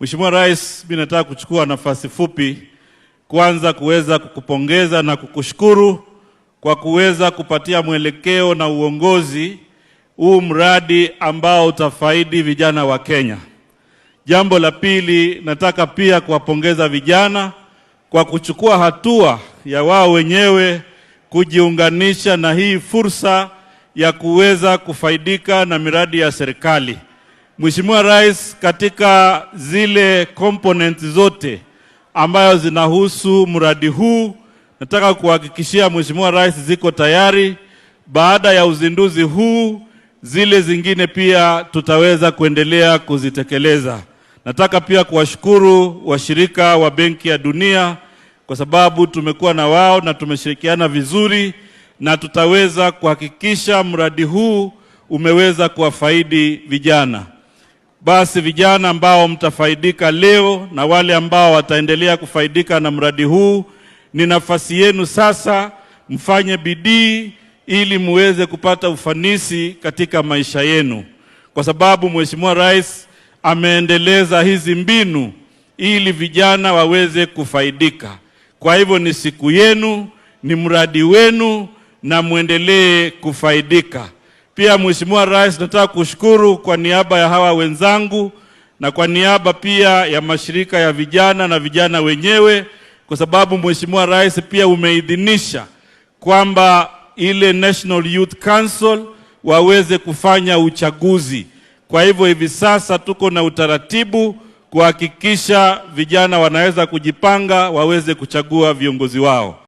Mheshimiwa Rais, mimi nataka kuchukua nafasi fupi kwanza kuweza kukupongeza na kukushukuru kwa kuweza kupatia mwelekeo na uongozi huu mradi ambao utafaidi vijana wa Kenya. Jambo la pili, nataka pia kuwapongeza vijana kwa kuchukua hatua ya wao wenyewe kujiunganisha na hii fursa ya kuweza kufaidika na miradi ya serikali. Mheshimiwa Rais katika zile components zote ambayo zinahusu mradi huu, nataka kuhakikishia Mheshimiwa Rais ziko tayari. Baada ya uzinduzi huu, zile zingine pia tutaweza kuendelea kuzitekeleza. Nataka pia kuwashukuru washirika wa Benki ya Dunia kwa sababu tumekuwa na wao na tumeshirikiana vizuri na tutaweza kuhakikisha mradi huu umeweza kuwafaidi vijana. Basi vijana ambao mtafaidika leo na wale ambao wataendelea kufaidika na mradi huu, ni nafasi yenu sasa, mfanye bidii ili muweze kupata ufanisi katika maisha yenu, kwa sababu Mheshimiwa Rais ameendeleza hizi mbinu ili vijana waweze kufaidika. Kwa hivyo ni siku yenu, ni mradi wenu, na muendelee kufaidika. Pia Mheshimiwa Rais, nataka kushukuru kwa niaba ya hawa wenzangu na kwa niaba pia ya mashirika ya vijana na vijana wenyewe, kwa sababu Mheshimiwa Rais pia umeidhinisha kwamba ile National Youth Council waweze kufanya uchaguzi. Kwa hivyo hivi sasa tuko na utaratibu kuhakikisha vijana wanaweza kujipanga waweze kuchagua viongozi wao.